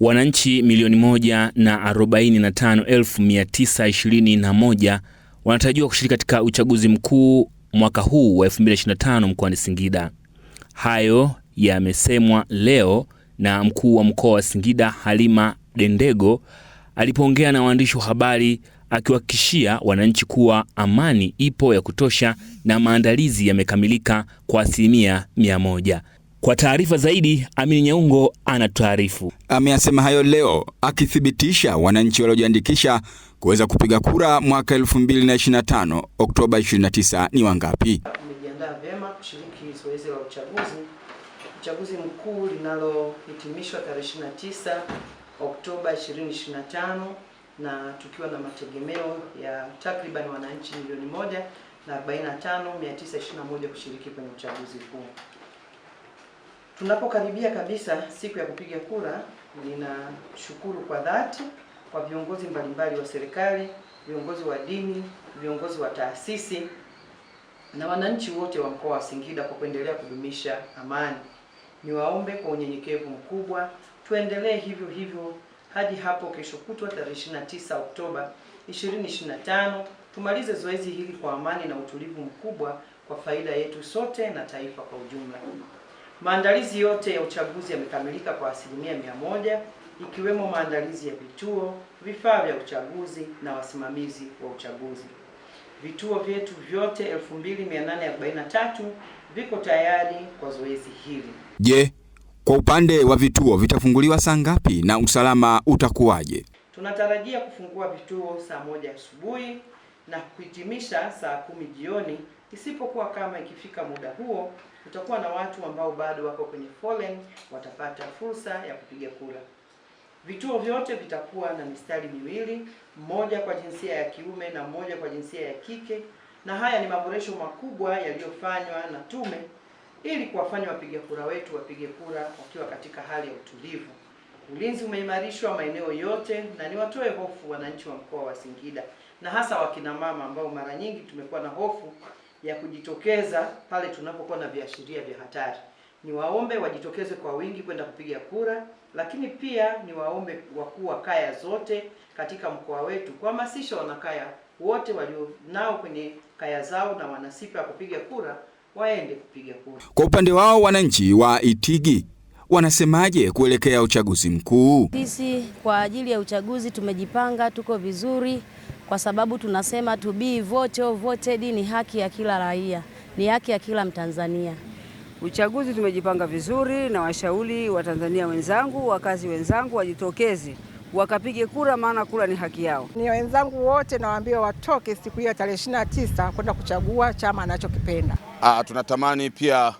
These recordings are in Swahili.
Wananchi milioni moja na arobaini na tano elfu mia tisa ishirini na moja wanatarajiwa kushiriki katika uchaguzi mkuu mwaka huu wa 2025 mkoani Singida. Hayo yamesemwa leo na mkuu wa mkoa wa Singida Halima Dendego alipoongea na waandishi wa habari akiwahakikishia wananchi kuwa amani ipo ya kutosha na maandalizi yamekamilika kwa asilimia mia moja. Kwa taarifa zaidi, Amini Nyaungo anatuarifu. Ameyasema hayo leo akithibitisha wananchi waliojiandikisha kuweza kupiga kura mwaka 2025 Oktoba 29 ni wangapi. umejiandaa vyema kushiriki zoezi la uchaguzi uchaguzi mkuu linalohitimishwa tarehe 29 Oktoba 2025 na tukiwa na mategemeo ya takriban wananchi milioni moja na 45921 kushiriki kwenye uchaguzi huu. Tunapokaribia kabisa siku ya kupiga kura, ninashukuru kwa dhati kwa viongozi mbalimbali wa serikali, viongozi wa dini, viongozi wa taasisi na wananchi wote wa mkoa wa Singida kwa kuendelea kudumisha amani. Niwaombe kwa unyenyekevu mkubwa tuendelee hivyo hivyo hadi hapo kesho kutwa tarehe 29 Oktoba 2025 tumalize zoezi hili kwa amani na utulivu mkubwa kwa faida yetu sote na taifa kwa ujumla. Maandalizi yote ya uchaguzi yamekamilika kwa asilimia mia moja ikiwemo maandalizi ya vituo, vifaa vya uchaguzi na wasimamizi wa uchaguzi. Vituo vyetu vyote 2843 viko tayari kwa zoezi hili. Je, kwa upande wa vituo vitafunguliwa saa ngapi na usalama utakuwaje? Tunatarajia kufungua vituo saa moja asubuhi na kuhitimisha saa kumi jioni isipokuwa kama ikifika muda huo utakuwa na watu ambao bado wako kwenye foleni watapata fursa ya kupiga kura. Vituo vyote vitakuwa na mistari miwili, mmoja kwa jinsia ya kiume na mmoja kwa jinsia ya kike, na haya ni maboresho makubwa yaliyofanywa na tume ili kuwafanya wapiga kura wetu wapige kura wakiwa katika hali ya utulivu. Ulinzi umeimarishwa maeneo yote, na niwatoe hofu wananchi wa mkoa wa Singida na hasa wakina mama ambao mara nyingi tumekuwa na hofu ya kujitokeza pale tunapokuwa na viashiria vya hatari. Niwaombe wajitokeze kwa wingi kwenda kupiga kura, lakini pia niwaombe wakuu wa kaya zote katika mkoa wetu kuhamasisha wanakaya wote walionao kwenye kaya zao na wanasipa kupiga kura waende kupiga kura. Kwa upande wao wananchi wa Itigi wanasemaje kuelekea uchaguzi mkuu? Sisi kwa ajili ya uchaguzi tumejipanga, tuko vizuri kwa sababu tunasema to be vote voted ni haki ya kila raia, ni haki ya kila Mtanzania. Uchaguzi tumejipanga vizuri, na washauri tanzania wenzangu, wakazi wenzangu wajitokeze wakapige kura, maana kura ni haki yao. Ni wenzangu wote nawaambia watoke siku hiyo ya tarehe 29 kwenda kuchagua chama anachokipenda. Ah, tunatamani pia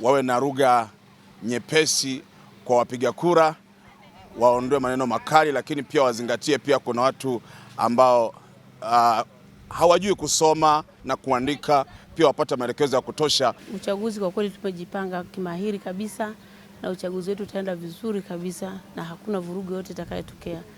wawe na lugha nyepesi kwa wapiga kura, waondoe maneno makali, lakini pia wazingatie pia kuna watu ambao uh, hawajui kusoma na kuandika, pia wapate maelekezo ya kutosha. Uchaguzi kwa kweli tumejipanga kimahiri kabisa, na uchaguzi wetu utaenda vizuri kabisa, na hakuna vurugu yote itakayotokea.